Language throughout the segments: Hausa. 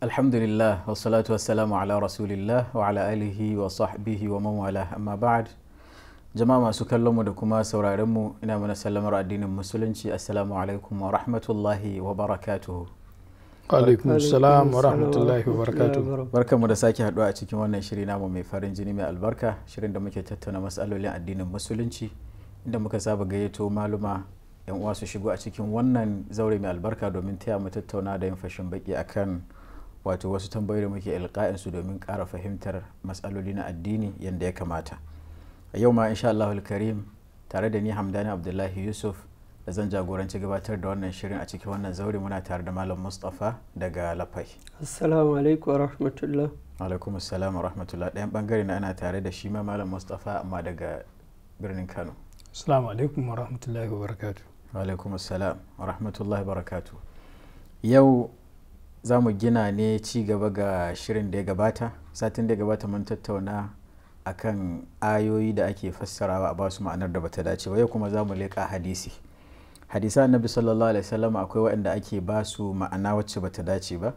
alhamdulillah wasalatu wassalamu ala rasulillah wa ala alihi wa sahbihi wa mawala amma ba'ad jama'a masu kallonmu da kuma sauraronmu ina mana sallamar addinin musulunci assalamu alaikum wa rahmatullahi wa barakatuhu alaikum salam wa rahmatullahi wa barakatuhu barkanmu da sake haduwa a cikin wannan shiri namu mai farin jini mai albarka shirin da muke tattauna matsalolin addinin musulunci inda muka saba gayyato maluma yan uwa su shigo a cikin wannan zaure mai albarka domin taya mu tattaunawa da yan fashin baki akan wato wasu tambayoyi da muke alƙa'in su domin ƙara fahimtar matsaloli na addini yadda ya kamata a yau ma insha Allahul Karim tare da ni Hamdani Abdullahi Yusuf da zan jagoranci gabatar da wannan shirin a cikin wannan zaure muna tare da Malam Mustapha daga Lafai. Assalamu alaikum wa rahmatullah. Alaikum assalam wa rahmatullah. Ɗayan ɓangare na ana tare da shi ma Malam Mustapha amma daga birnin Kano. Assalamu alaikum wa rahmatullahi wa barakatu. Alaikum assalam wa rahmatullahi wa barakatu. Yau za mu gina ne ci gaba ga shirin da ya gabata satin da ya gabata mun tattauna akan ayoyi da ake fassarawa a basu ma'anar da bata dace ba yau kuma za mu leƙa hadisi hadisa annabi sallallahu alaihi wasallam akwai waɗanda ake basu ma'ana wacce bata dace ba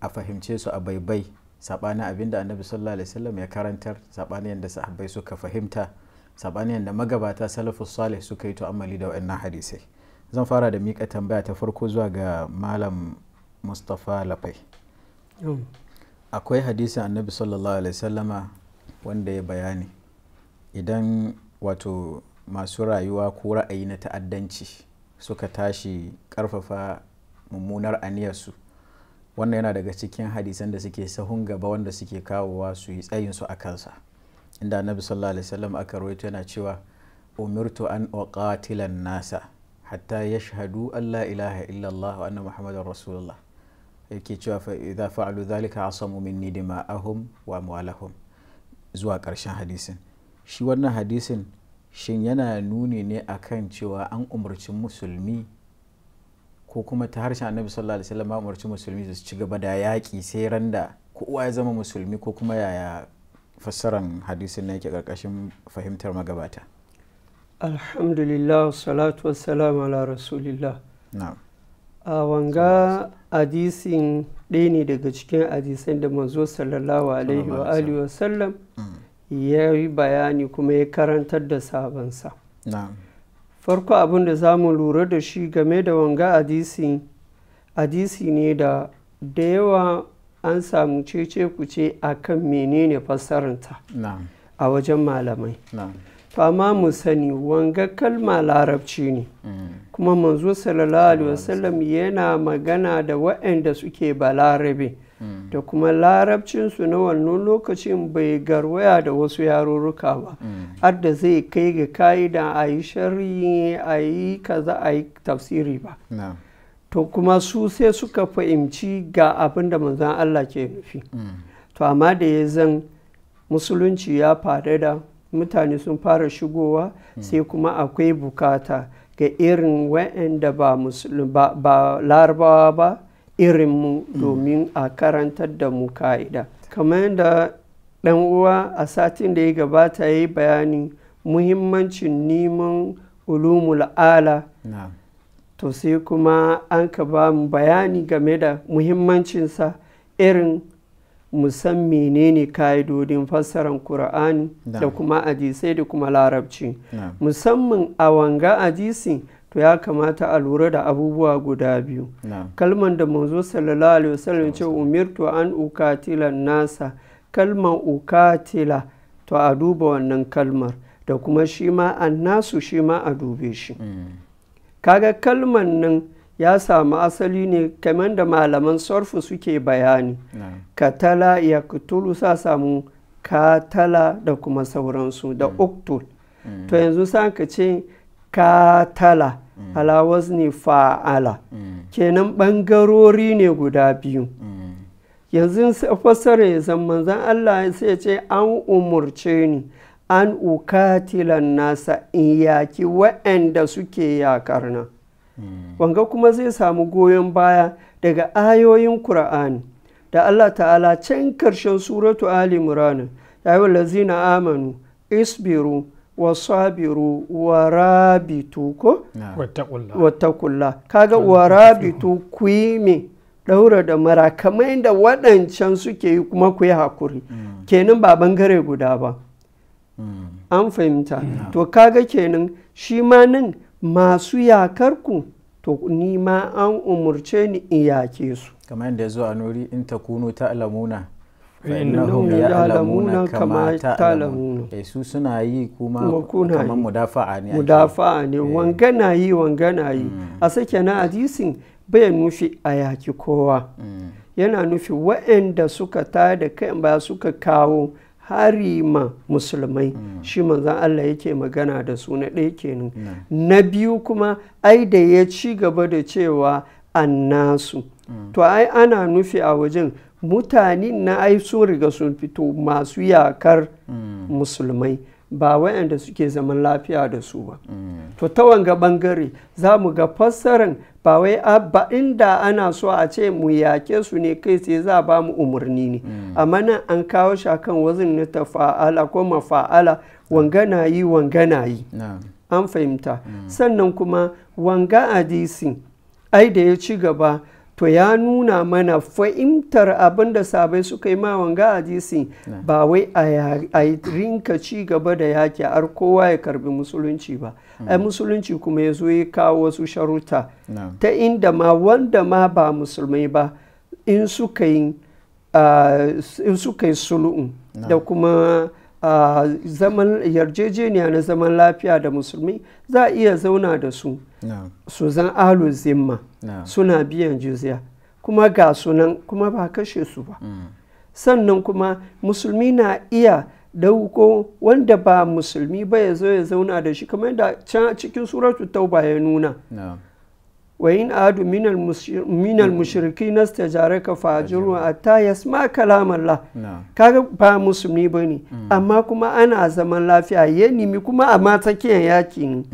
a fahimce su a baibai sabanin abin da annabi sallallahu alaihi wasallam ya karantar sabanin yadda sahabbai suka fahimta sabanin yadda magabata salafus salih suka yi to amali da waɗannan hadisai zan fara da miƙa tambaya ta farko zuwa ga malam mustapha lafai oh. akwai hadisin annabi sallallahu alaihi sallama wanda ya bayani idan wato masu rayuwa ko ra'ayi na ta'addanci suka tashi karfafa mummunar aniyarsu wannan yana daga cikin hadisan da suke sahun gaba wanda suke kawowa su yi tsayinsu a kansa inda annabi sallallahu alaihi sallam aka rawaito yana cewa umirtu an uqatila nasa hatta yashhadu an la ilaha illallah wa anna muhammadar rasulullah yake cewa fa idza fa'alu dhalika asamu minni dima'ahum wa amwalahum zuwa ƙarshen hadisin shi wannan hadisin shin yana nuni ne akan cewa an umarci musulmi ko kuma ta harshen annabi sallallahu alaihi wasallam umarci musulmi su ci gaba da yaƙi sai randa kowa ya zama musulmi ko kuma yaya fassaran hadisin na yake ƙarƙashin fahimtar magabata alhamdulillah salatu wassalamu ala rasulillah na'am a wanga hadisin ɗaya ne daga cikin adisai da mazo sallallahu alaihi wa alihi wa ya yi bayani kuma ya karantar da sabonsa farko abin da za mu lura da shi game da wanga adisi hadisi ne da da yawa an samu cece kuce a kan menene fassaranta a wajen malamai fama mu sani wanga kalma larabci ne mm. kuma manzo sallallahu alaihi wasallam yana magana da waɗanda suke ba larabe mm. da kuma larabcinsu na wannan lokacin bai garwaya da wasu yarurruka ba mm. har da zai kai ga ka'ida a yi shari'i a yi kaza a yi tafsiri ba to kuma su sai suka fahimci ga abinda da manzan Allah ke nufi to amma da ya zan musulunci ya da mutane sun fara shigowa sai kuma akwai bukata ga irin wa'anda ba, ba, larabawa ba irinmu domin a karantar da mu ka'ida kamar yadda ɗan uwa a satin da ya gabata ya yi bayani muhimmancin neman ulumul ala to sai kuma an ka ba mu bayani game da muhimmancinsa irin musan menene ka'idodin fassarar Kur'ani da kuma ajisai da kuma larabci musamman a wanga ajisi to ya kamata a lura da abubuwa guda biyu kalman da manzo sallallahu alaihi wasallam ce umirtu an ukatila nasa kalman ukatila to a duba wannan kalmar da kuma shi ma an nasu shi ma a dube shi mm. kaga kalman nan ya samu asali ne kamar da malaman sarfu suke bayani katala ya kutulu sa samu katala da kuma sauransu da mm. uktul mm. to yanzu sa ce katala mm. alawaz ne fa'ala kenan ɓangarori ne guda biyu yanzu fassara ya zan manzan Allah sai ce an umurce ni an ukatilan nasa in yaki waɗanda suke yakar nan wanga kuma zai samu goyon baya daga ayoyin Kur'ani da Allah ta'ala can karshen suratu Ali muranin ya yi lazina amanu isbiru wa sabiru wa rabitu ko wattakulla kaga wa rabitu ku yi me daura da mara kamar waɗancan suke yi kuma ku yi hakuri mm. kenan ba bangare guda ba mm. an fahimta mm. to kaga kenan shi ma nan masu yakarku to ni ma an umarce ni in yake su kamar yadda zo a nuri in ta kunu ta alamuna innahum ya'lamuna kama ta'lamun eh, su suna yi kuma kamar mudafa'a ne mudafa'a ne eh. wangana yi wangana yi hmm. a sake na hadisin bai nufi a yaki kowa hmm. yana nufi wa'anda suka tada kai ba suka kawo hari ma musulmai hmm. shi manzan Allah yake magana da su na ɗaya kenan hmm. na biyu kuma ai da ya ci gaba da cewa annasu hmm. to ai ana nufi a wajen mutane na ai sun riga sun fito masu yakar musulmai ba wayanda suke zaman lafiya da su ba to ta wanga bangare za mu ga fassaran ba wai abba inda ana so a ce mu yaƙe su ne kai sai za ba mu umarni ne mm. amma nan an kawo shi kan wazin na fa'ala ko mafa'ala wanga na yi wanga yi an fahimta mm. sannan kuma wanga hadisi ai da ya ci gaba to ya nuna mana fahimtar abin da sabai suka yi ma wanga jisi ba wai a rinka ci gaba da yaki har kowa ya karbi musulunci ba mm. ai musulunci kuma ya zo ya kawo wasu sharuta ta inda ma wanda ma ba musulmai ba in suka yi ah, sulu'un da kuma a zaman yarjejeniya na zaman lafiya da musulmi za a iya zauna da su su zan alu zimma suna biyan jizya kuma ga sunan kuma ba kashe su ba mm. sannan kuma musulmi na iya dauko wanda ba musulmi ba ya zo ya zauna da shi kamar da can cikin suratu tauba ya nuna wa in adu minal mushriki na stajare ka fajiru a ta yasma kalamallah kaga ba musulmi ba ne amma kuma ana zaman lafiya ya nemi kuma a matakiyan yakin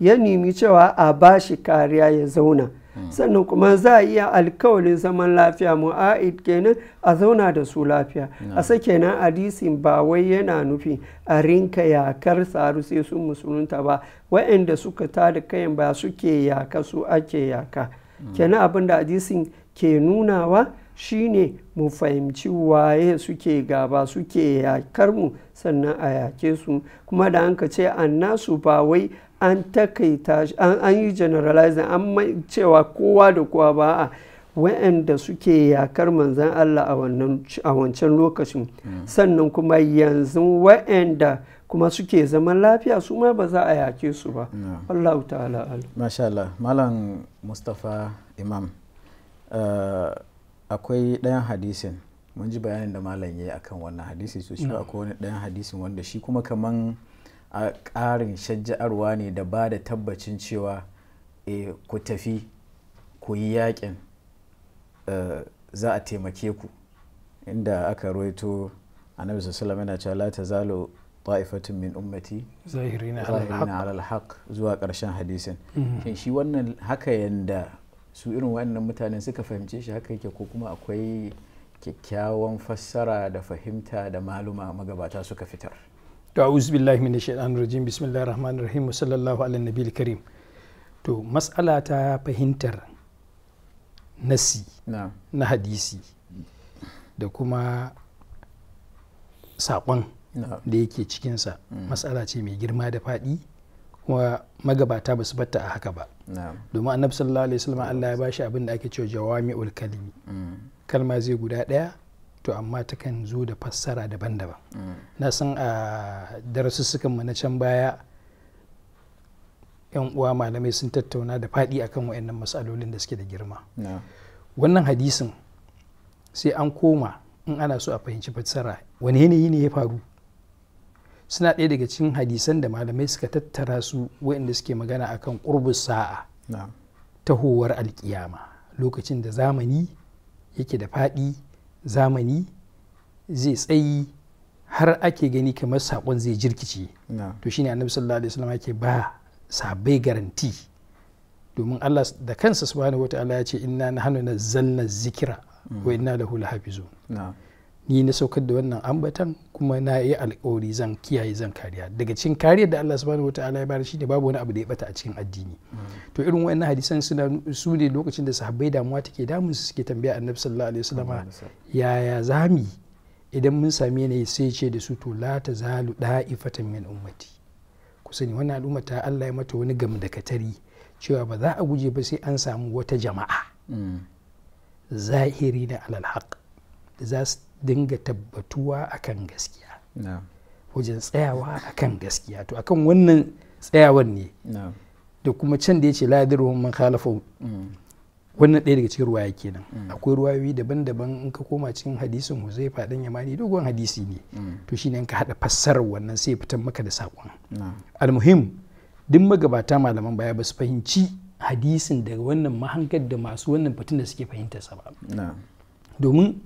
ya nemi cewa a bashi kariya ya zauna sannan kuma za a iya alkawalin zaman lafiya mu. mu'a'id kenan a zauna da su lafiya a sake nan hadisin ba wai yana nufi a rinka yakar saru sai sun musulunta ba wa'anda suka tada kayan ba suke yaka su ake yaka mm. kenan abin da hadisin ke nunawa shine mu fahimci waye suke gaba suke yakar mu sannan a yake su kuma da an ce annasu ba wai an takaita an yi generalizing an cewa kowa da kowa ba a wa'anda suke yakar manzan Allah a wancan lokacin hmm. sannan kuma yanzu wa'anda kuma suke zaman lafiya su ma ba za a yake su ba hmm. Allah ta'ala Masha Allah Malam Mustapha Imam eh, akwai ɗayan hadisin mun ji bayanin da malam ya yi akan wannan hadisi su shi hmm. akwai wani ɗayan hadisin wanda shi kuma kaman a ƙarin shajjarwa ne da ba da tabbacin cewa e, ku tafi ku yi yakin eh, za a taimake ku inda aka roito annabi sallallahu yana cewa la ta'ifatun min ummati zahirina alal haq zuwa ƙarshen hadisin mhm. shin shi wannan haka yanda su irin wannan mutanen suka fahimce shi haka yake ko kuma akwai kyakkyawan fassara da fahimta da maluma magabata suka fitar to a'udhu billahi minash rajim bismillahir rahmanir rahim sallallahu ala nabiyil karim to mas'ala ta fahimtar nasi na hadisi da kuma saƙon da yake cikinsa mm. matsala ce mai girma da faɗi kuma magabata ba su batta a haka ba domin annabi sallallahu alaihi wasallam Allah ya bashi abin da ake cewa jawami'ul kalimi mm. kalma zai guda ɗaya to amma takan zo da fassara daban-daban na san a ah, darasussukanmu na can baya yan uwa malamai sun tattauna da faɗi akan wa'annan matsalolin da suke da girma wannan hadisin sai an koma in ana so a fahimci fassara wani yanayi ne ya faru suna ɗaya daga cikin hadisan da malamai suka tattara su wayanda suke magana akan qurbus sa'a tahowar alkiyama lokacin da zamani yake da faɗi zamani zai tsayi har ake gani kamar saƙon zai jirkice to shine annabi sallallahu alaihi wasallam yake ba sabai garanti domin Allah da kansa subhanahu wataala ya ce inna nahnu nazzalna zikira wa inna lahu lahafizun ni na saukar da wannan ambatan kuma na yi alkawari zan kiyaye zan kariya daga cikin kariyar da Allah subhanahu wataala ya bayar ne babu wani abu da ya bata a cikin addini hmm. to irin wayannan hadisan suna su ne lokacin da sahabbai damuwa take damun su suke tambaya annabi sallallahu alaihi wasallama yaya zami idan mun sami yanayi sai ce da su to la tazalu da'ifatan min ummati ku sani wannan al'umma ta Allah ya mata wani katari cewa ba za a guje ba sai an samu wata jama'a hmm. zahiri na alal haq za su dinga tabbatuwa akan gaskiya wajen tsayawa akan gaskiya to akan wannan tsayawan ne da kuma can da ya ce ladirun man khalafa mm. wannan ɗaya daga cikin ruwaya kenan mm. akwai ruwayoyi daban-daban in ka koma cikin hadisin zai faɗin yamani dogon hadisi ne mm. to shine in ka haɗa fassarar wannan sai fitan maka da saƙon almuhim duk magabata malaman baya ba su fahimci hadisin daga wannan mahangar da masu wannan fitin da suke sa ba domin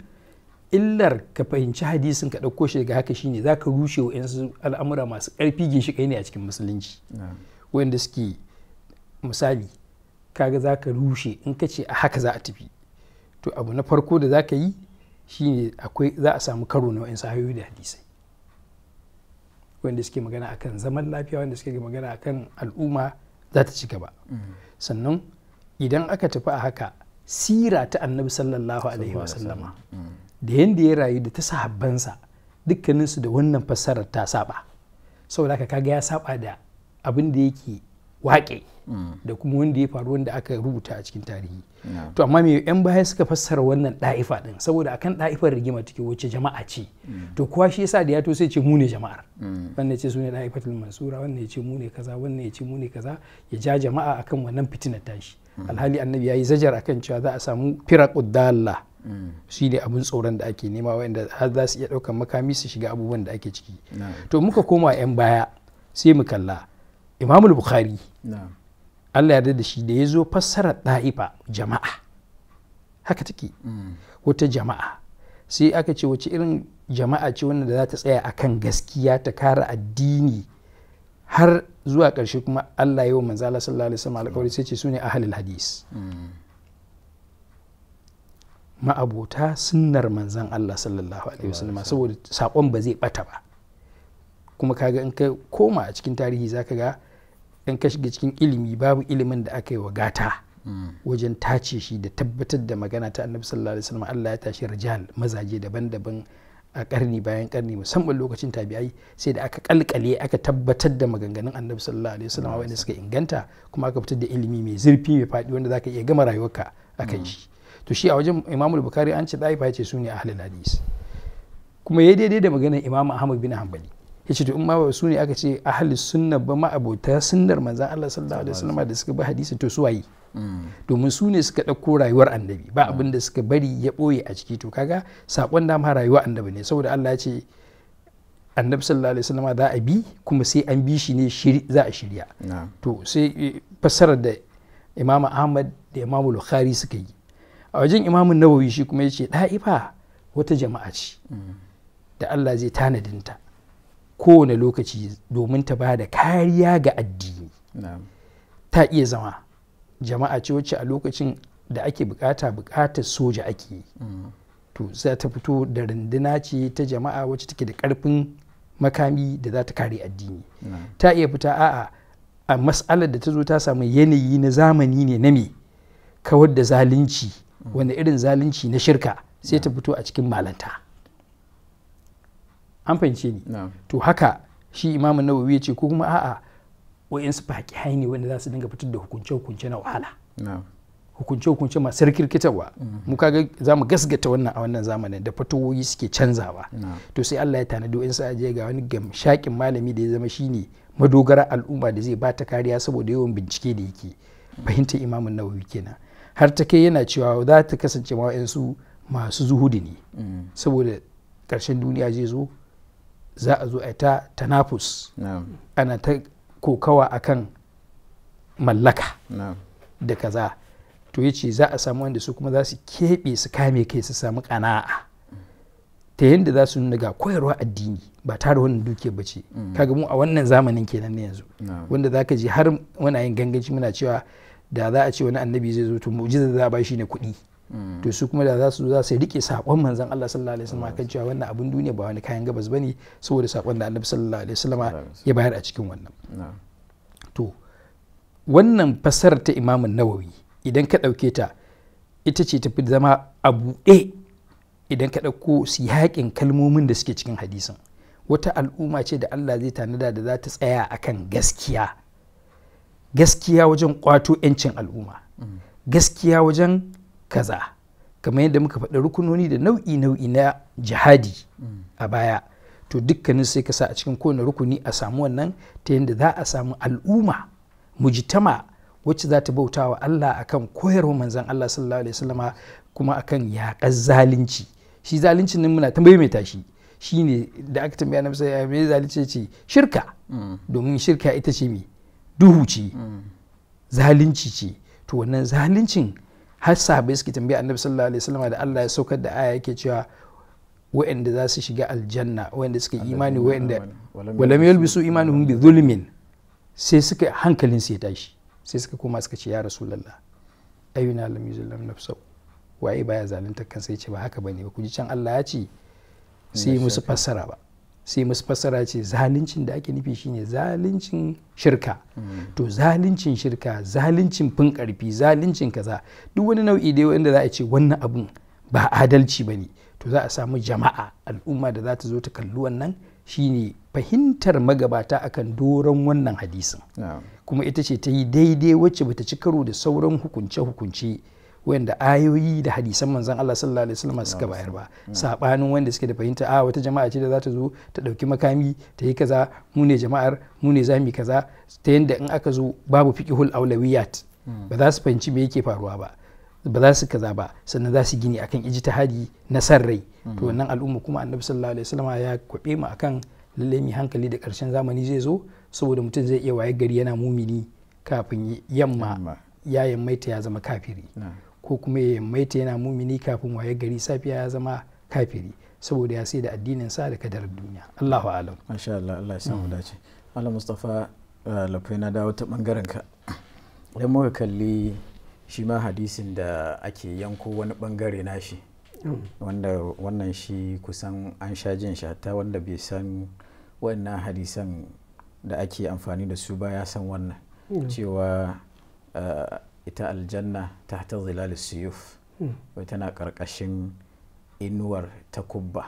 illar ka fahimci hadisin ka ɗauko shi daga haka shine za ka rushe wa al'amura masu ƙarfi kai ne a cikin musulunci wanda suke misali kaga za ka rushe in ka ce a haka za a tafi to abu na farko da za ka yi shine akwai za a samu karo na wa'insu hayoyi da hadisai wanda suke magana akan zaman lafiya wanda suke magana akan al'umma za ta ci gaba mm. sannan idan aka tafi a haka sira ta annabi sallallahu alaihi wasallama da yadda ya rayu da ta sahabbansa dukkaninsu da wannan fassarar ta saba saboda haka kaga ya saba da abin da yake waƙe da kuma wanda ya faru wanda aka rubuta a cikin tarihi to amma me yan baya suka fassara wannan da'ifa ɗin saboda akan da'ifar rigima take wacce jama'a ce mm. to kowa shi yasa da ya to sai ce mu ne jama'ar mm. wannan ce sune ɗa'ifatul mansura wannan ya ce mu ne kaza wannan ya ce mu ne kaza ya ja jama'a akan wannan fitinar tashi mm. alhali annabi ya yi zajar akan cewa za a samu firaqud dalla shi ne abin tsoron da ake nema wanda har za su iya daukan makami su shiga abubuwan da ake ciki to muka koma 'yan baya sai mu kalla imamul bukhari allah yarda da shi da ya zo fassarar ɗa'ifa jama'a haka take mm. wata jama'a sai aka ce wace irin jama'a ce wannan da za ta tsaya akan gaskiya ta kara addini har zuwa ƙarshe kuma allah yi wa manzala sallallahu alaihi wasallam alƙawari sai ce su ne ahalil hadis mm. ma'abota sunnar manzan Allah sallallahu alaihi wasallam saboda saƙon ba zai ɓata ba kuma kaga in ka koma a cikin tarihi za ka ga in ka shiga cikin ilimi babu ilimin da aka yi wa gata hmm. wajen tace shi da tabbatar da magana ta annabi sallallahu alaihi wasallam Allah ya tashi rijal mazaje daban-daban a karni bayan karni musamman lokacin tabi'ai sai da aka kalkale aka tabbatar da maganganun annabi sallallahu alaihi wasallam wanda suka inganta kuma aka fitar da ilimi mai zurfi mai faɗi wanda za ka iya gama rayuwarka akan hmm. shi to shi a wajen imamul bukari an ce da'ifa ya ce su ne ahlul hadis kuma ya daidai da maganar imam ahmad bin hanbali ya ce to in ma ba su ne aka ce ahlus sunna ba ma abota sunnar manzan Allah sallallahu alaihi wasallam da suka bi hadisi to su waye mm. domin su ne suka ɗauko rayuwar annabi ba abin da suka bari ya ɓoye a ciki to kaga sakon dama rayuwar annabi ne saboda Allah ya ce annabi sallallahu alaihi wasallam za a bi kuma sai an bi shi ne za a shirya to sai eh, fassarar da imam ahmad da imam bukhari suka yi a wajen imamun nawawi shi kuma yace ɗa'ifa wata jama'a ce da Allah zai tanadinta kowane lokaci domin ta bada kariya ga addini ta iya zama jama'a ce wacce a lokacin da ake bukata bukatar soja ake yi mm. to za ta fito da runduna ce ta jama'a wacce take da karfin makami da za ta kare addini ta iya fita a'a a mas'alar da ta zo ta samu yanayi na zamani ne na me kawar da zalunci wanda irin zalunci na shirka sai ta fito a cikin malanta an fahimce ni to haka shi imamu nawawi ya ce ko kuma a'a su faƙi ne wanda za su dinga fitar da hukunce-hukunce na wahala hukunce-hukunce masu rikirkitarwa mm-hmm. mu kaga za mu gasgata wannan a wannan zamanin da fatowoyi suke canzawa to sai Allah ya tanadi wa'in su ajiye ga wani gamshakin malami da ya zama shi ne madogara al'umma da zai bata kariya saboda yawan bincike da yake mm-hmm. fahimtar imamu nawawi kenan har ta kai yana cewa za ta kasance ma masu zuhudi ne mm. saboda ƙarshen duniya zai zo za a zo a ta tanafus ana ta kokawa akan mallaka da kaza to ya ce za a samu wanda su kuma za su keɓe su kame kai su samu ƙana'a ta yadda za su nuna ga koyarwa addini ba tare wannan duke ba ce mm. kaga mu a wannan zamanin kenan ne yanzu wanda za ka ji har muna yin ganganci muna cewa da za a ce wani annabi zai zo to mu'jiza za a ba ne kuɗi to su kuma da za su za su rike sakon manzon Allah sallallahu alaihi wasallam kan cewa wannan abun duniya ba wani kayan gabas bane saboda sakon da annabi sallallahu alaihi wasallam ya bayar a cikin wannan to wannan fasar ta Imam Nawawi idan ka ɗauke ta ita ce tafi zama a buɗe idan ka ɗauko siyaƙin kalmomin da suke cikin hadisin wata al'umma ce da Allah zai tanada da za ta tsaya akan gaskiya gaskiya wajen kwato 'yancin al'umma gaskiya wajen kaza kamar yadda muka faɗi rukunoni da nau'i nau'i na jihadi a baya to dukkanin sai ka sa a cikin kowane rukuni a samu wannan ta yadda za a samu al'umma mujtama wacce za ta bauta wa Allah akan koyarwa manzan Allah sallallahu alaihi wasallama kuma akan yaƙar zalunci shi zalunci nan muna tambaye mai tashi shine da aka tambaya na bisa ya me zalunci ce shirka mm. domin shirka ita ce me duhu ce mm. zalunci ce to wannan zaluncin har sahabai suke tambaya annabi sallallahu alaihi wasallam da Allah ya saukar da aya yake cewa wa'anda za su shiga aljanna wa'anda suke imani wa'anda walam yalbisu imanuhum bi zulmin sai suka hankalin su ya tashi sai suka koma suka ce ya rasulullah ayyuna lam yuzlam nafsu waye baya zalunta kansa ce ba haka bane ba ku ji can Allah ya ce sai musu fassara ba sai musu fassara ce zaluncin da ake nufi shine zaluncin shirka to zalincin shirka zalincin fin karfi zaluncin kaza duk wani nau'i da wanda za a ce wannan abun ba adalci ba ne to za a samu jama'a al'umma da za ta zo ta kalli wannan shine fahimtar magabata akan doron wannan hadisin kuma ita ce ta yi daidai wacce bata ci karo da sauran hukunce-hukunce wanda ayoyi da hadisan manzon Allah sallallahu alaihi wasallam suka bayar ba mm. sabanin wanda suke da fahimta a ah, wata jama'a ce da za ta zo ta dauki makami ta yi kaza mu ne jama'ar mu ne zamu kaza ta yanda in aka zo babu fiqhul aulawiyat mm. ba za su fahimci me yake faruwa ba ba za su kaza ba sannan za su gini akan ijtihadi na san rai mm. to wannan al'umma kuma annabi sallallahu alaihi wasallam ya kwabe mu akan lalle mi hankali da karshen zamani zai zo saboda mutum zai iya waye gari yana mumini kafin yamma ya yammaita ya zama kafiri ko kuma ya maita yana mumini kafin waye gari safiya ya zama kafiri saboda ya sai da addinin sa da kadarar duniya Allahu a'lam masha Allah Allah ya samu dace allah Mustafa eh, lafai na dawo ta bangaren ka idan muka kalli shi ma hadisin da ake yanko wani bangare nashi wanda wannan shi kusan an sha jin shi shata wanda bai san wannan hadisan da ake amfani da su ba ya san wannan mm. cewa eh, ita aljanna ta ta zilali siyuf hmm. wai tana karkashin inuwar ta kubba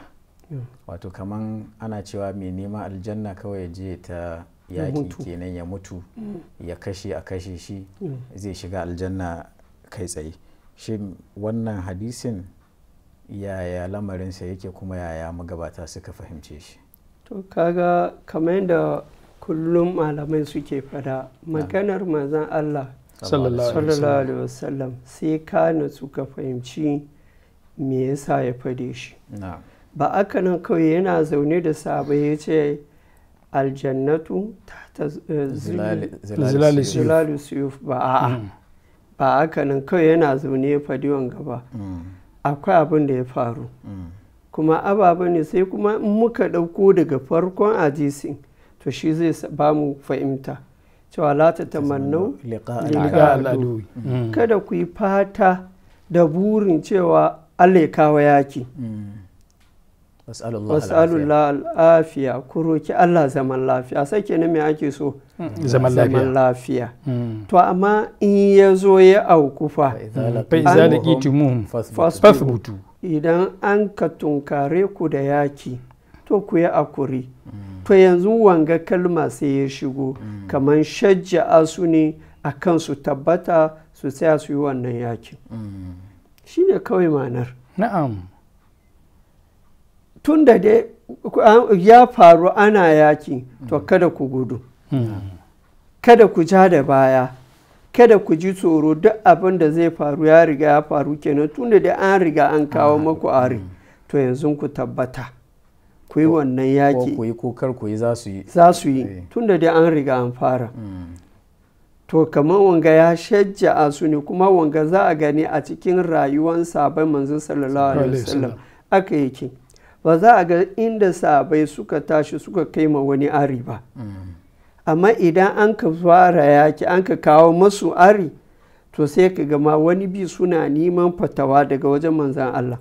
hmm. wato kaman ana cewa mai nema aljanna kawai je ta yaki kenan ya mutu hmm. ya kashe a kashe shi zai shiga aljanna kai tsaye shin wannan hadisin yaya lamarinsa yake kuma yaya magabata suka fahimce shi to kaga kamar yadda kullum malamai suke fada maganar manzan allah sallallahu alaihi wasallam sai ka suka ka fahimci me yasa ya fade shi ba aka nan kawai yana zaune da sabai ya ce aljannatu ta eh, zilalu suyuf ba a hmm. ba aka nan kawai yana zaune ya fadi wanga ba hmm. akwai abin da ya faru hmm. kuma ababa ne sai kuma in muka ɗauko daga farkon hadisi to shi zai ba mu fahimta cewa la ta tamannau mm. mm. kada ku yi fata da burin cewa Allah ya kawo yaki mm. wasalullah al'afiya ku roki Allah zaman lafiya sai kenan me ake so zaman lafiya to amma in ya zo ya auku fa idan an ka tunkare ku da yaki so ku yi akuri to yanzu wanga kalma sai ya shigo mm. kamar shajja'a su ne a kan su tabbata su tsaya su yi wannan yakin mm. shi ne kawai manar na'am tun da dai ya faru ana yaki to mm. kada ku gudu kada ku ja da baya kada ku ji tsoro duk abin da zai faru ya riga ya faru kenan tun da dai an riga an kawo ah. maku ari to yanzu ku tabbata ku yi wannan yaƙi ko yi ko ku yi za yi eh. tun tunda dai an riga an fara mm. to kamar wanga ya shajja a su ne kuma wanga za a gani a cikin rayuwar sabai manzon sallallahu alaihi wasallam aka yake ba za a ga inda sabai suka tashi suka kai ma wani ari ba mm. amma idan an ka fara yaki an ka kawo masu ari to sai ka gama wani bi suna neman fatawa daga wajen manzan Allah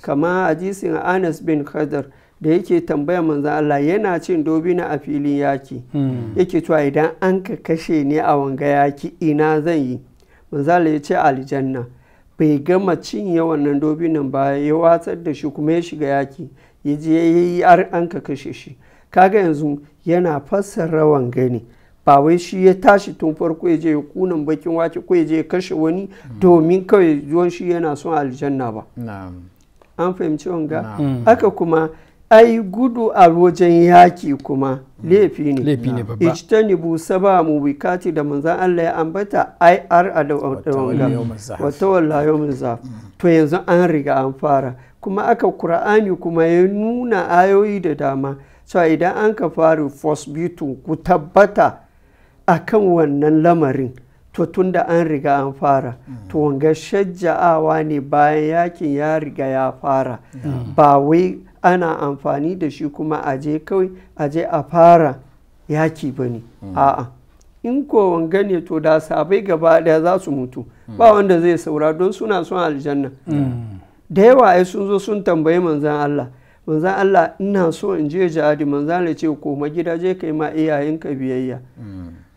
kamar hadisin Anas bin Khadar da yake tambaya manzan Allah yana cin dobina a filin yaki hmm. yake cewa idan an ka kashe ne a wanga yaki ina zan yi manzan Allah ya ce aljanna bai gama cin nan dobi nan ba ya watsar da shi kuma ya shiga yaki ya je ya yi an ka kashe shi kaga yanzu yana fassara gani ba wai shi ya tashi tun farko ya je ya kunan bakin wake ko ya je ya kashe wani hmm. domin kawai zuwan shi yana son aljanna ba an fahimci wanga haka kuma ai gudu a wajen yaki kuma hmm. laifi ne laifi ne babba ba mu wikati da manzan Allah ya ambata ai ar a da wata wallahi mun zaf to yanzu an riga an fara kuma aka Kur'ani kuma ya nuna ayoyi da dama cewa idan an ka fara fosbitu ku tabbata akan wannan lamarin to tun da an riga an fara mm. to wanga shajja'awa ne bayan yakin ya riga ya fara mm. ba wai ana amfani da shi kuma aje kawai aje a fara yaki ba ne mm. a'a in ko wanga ne to da sabai gaba daya za su mutu ba wanda zai saura don suna son aljanna da yawa ai sun zo sun tambayi manzan Allah manzan Allah ina so in je jihadi manzan Allah ce koma gida je kai ma iyayenka biyayya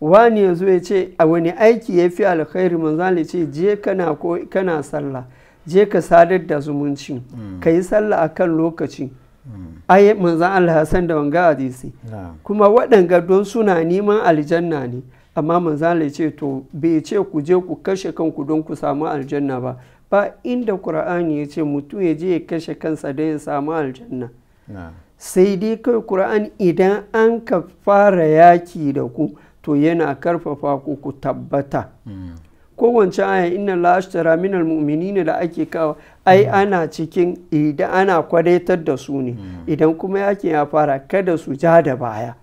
wani ya zo ya ce a wani aiki ya fi alkhairi manzali ce je kana ko kana sallah je ka sadar da zumunci mm. ka yi sallah a kan lokaci mm. ai manzan Allah san da wanga hadisi kuma waɗanga don suna neman aljanna ne amma manzan ce to bai ce ku je ku kashe kanku don ku samu aljanna ba ba inda ƙur'ani ya ce mutum ya je ya kashe kansa don ya samu aljanna sai dai kai idan an ka fara yaki da ku to yana karfafa ku ku tabbata hmm. kowace aya inna la ashtara min almu'minina da ake kawo ai hmm. ana cikin idan ana kwadaitar da su ne hmm. idan kuma yakin ya fara kada su ja da baya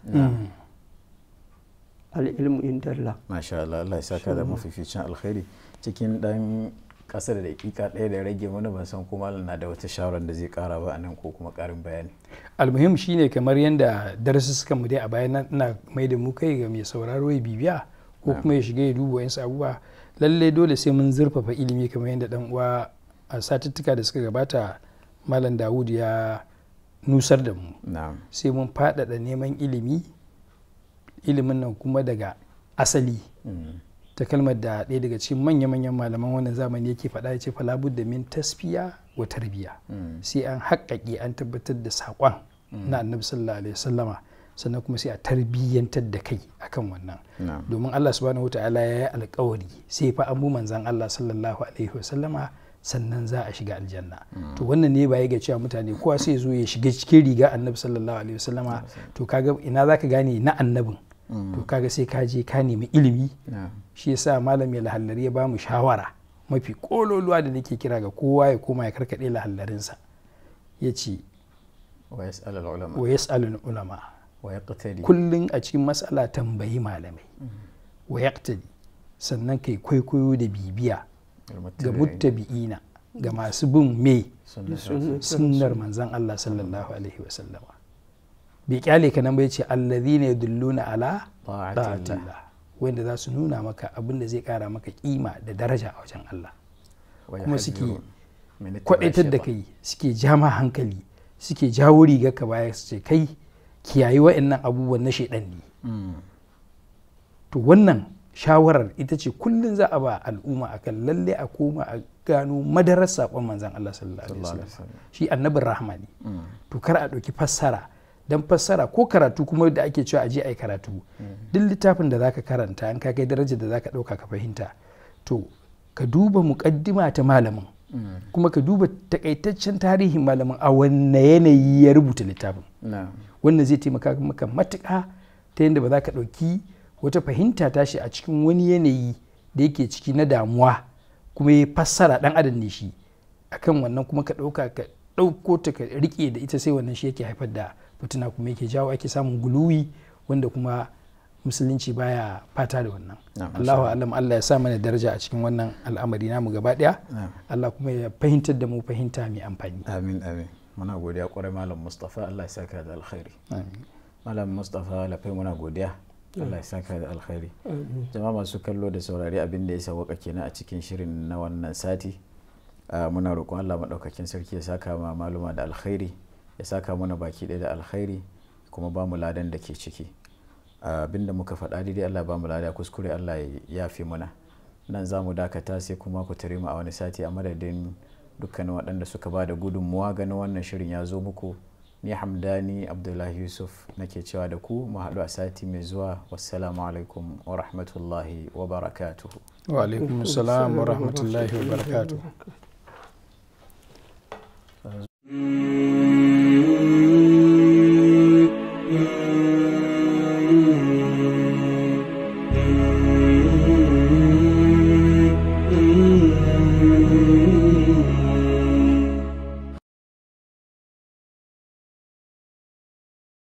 al'ilmu allah. masha Allah Allah ya saka da mafificin alkhairi cikin dan kasar da dakika ɗaya da rage wani ban san kuma na da wata shawarar da zai kara ba a nan ko kuma karin bayani almuhim shine kamar yadda darasi suka mu dai a bayan na mai da mu kai ga mai sauraro ya bibiya ko kuma ya shiga ya duba yansu abubuwa lallai dole sai mun zurfafa ilimi kamar yadda dan uwa a satuttuka da suka gabata malam dawud ya nusar da mu sai mun faɗaɗa neman ilimi ilimin nan kuma daga asali mm. ta kalmar da ɗaya daga cikin manya-manyan malaman wannan zamani yake faɗa ya ce falabud da min tasfiya wa tarbiya mm. sai an haƙaƙi an tabbatar da saƙon mm. na annabi sallallahu alaihi wasallama sannan kuma sai a tarbiyyantar da kai akan wannan domin Allah subhanahu wataala ya yi alkawari sai fa an bu manzan Allah sallallahu alaihi wasallama sannan za a shiga aljanna mm. to wannan ne ba ga cewa mutane kowa sai zo ya shiga cikin riga annabi sallallahu alaihi wasallama to kaga ina zaka gane na annabin Mm. to kaga sai ka je ka nemi ilimi shi yasa malam ya lahallari ya ba mu shawara mafi kololuwa da nake kira ga kowa ya koma ya karkaɗe lahallarinsa ya ce wa yas'alul ulama kullum a cikin matsala tambayi malamai mm. wa yaqtadi sannan kai kwaikwayo da bibiya ga muttabi'ina ga masu bin me sunnar manzan Allah sallallahu alaihi wasallama bi kyale ka nan bai ce allazina yadulluna ala ta'atillah wanda za su nuna maka abin da zai kara maka kima da daraja a wajen Allah kuma suke kwadaitar da kai suke jama hankali suke jawo rigar ka baya su ce kai kiyayi wa'annan abubuwan na shaidan ne hmm. to wannan shawarar ita ce kullum za a ba al'umma akan lalle a koma a gano madarar saƙon manzan Allah sallallahu alaihi wasallam shi annabin rahama ne hmm. to kar a ɗauki fassara dan fassara ko karatu kuma da ake cewa aje ai karatu duk littafin da zaka karanta an ka kai daraja da zaka dauka ka fahimta to ka duba muqaddima ta malamin kuma ka duba takaitaccen tarihin malamin a wanne yanayi ya rubuta littafin wannan zai taimaka maka matuƙa ta yadda ba za ka ɗauki wata fahimta tashi a cikin wani yanayi da yake ciki na damuwa kuma ya fassara ɗan adam ne shi akan wannan kuma ka ɗauka ka ɗauko ta ka riƙe da ita sai wannan shi yake haifar da fitina kuma yake jawo ake samun guluwi wanda kuma musulunci baya fata da wannan Allahu alam Allah ya sa mana daraja a cikin wannan al'amari namu gaba daya Allah kuma ya fahimtar da mu fahimta mai amfani amin amin muna godiya kwarai malam Mustafa Allah ya saka da alkhairi malam Mustafa lafai muna godiya Allah ya saka da alkhairi jama'a masu kallo da saurari abin da ya sawaka kenan a cikin shirin na wannan sati ah, muna roƙon Allah maɗaukakin sarki ya saka ma maluma da alkhairi ya saka mana baki ɗaya da alkhairi kuma ba mu ladan da ke ciki abinda muka faɗa daidai Allah ba mu lada kuskure Allah ya fi muna nan za mu dakata sai kuma ku tare mu a wani sati a madadin dukkanin waɗanda suka ba da gudunmuwa ganin wannan shirin ya zo muku ni hamdani abdullahi yusuf nake cewa da ku mu haɗu a sati mai zuwa wassalamu alaikum wa rahmatullahi wa barakatuhu wa alaikum salam wa rahmatullahi wa barakatuhu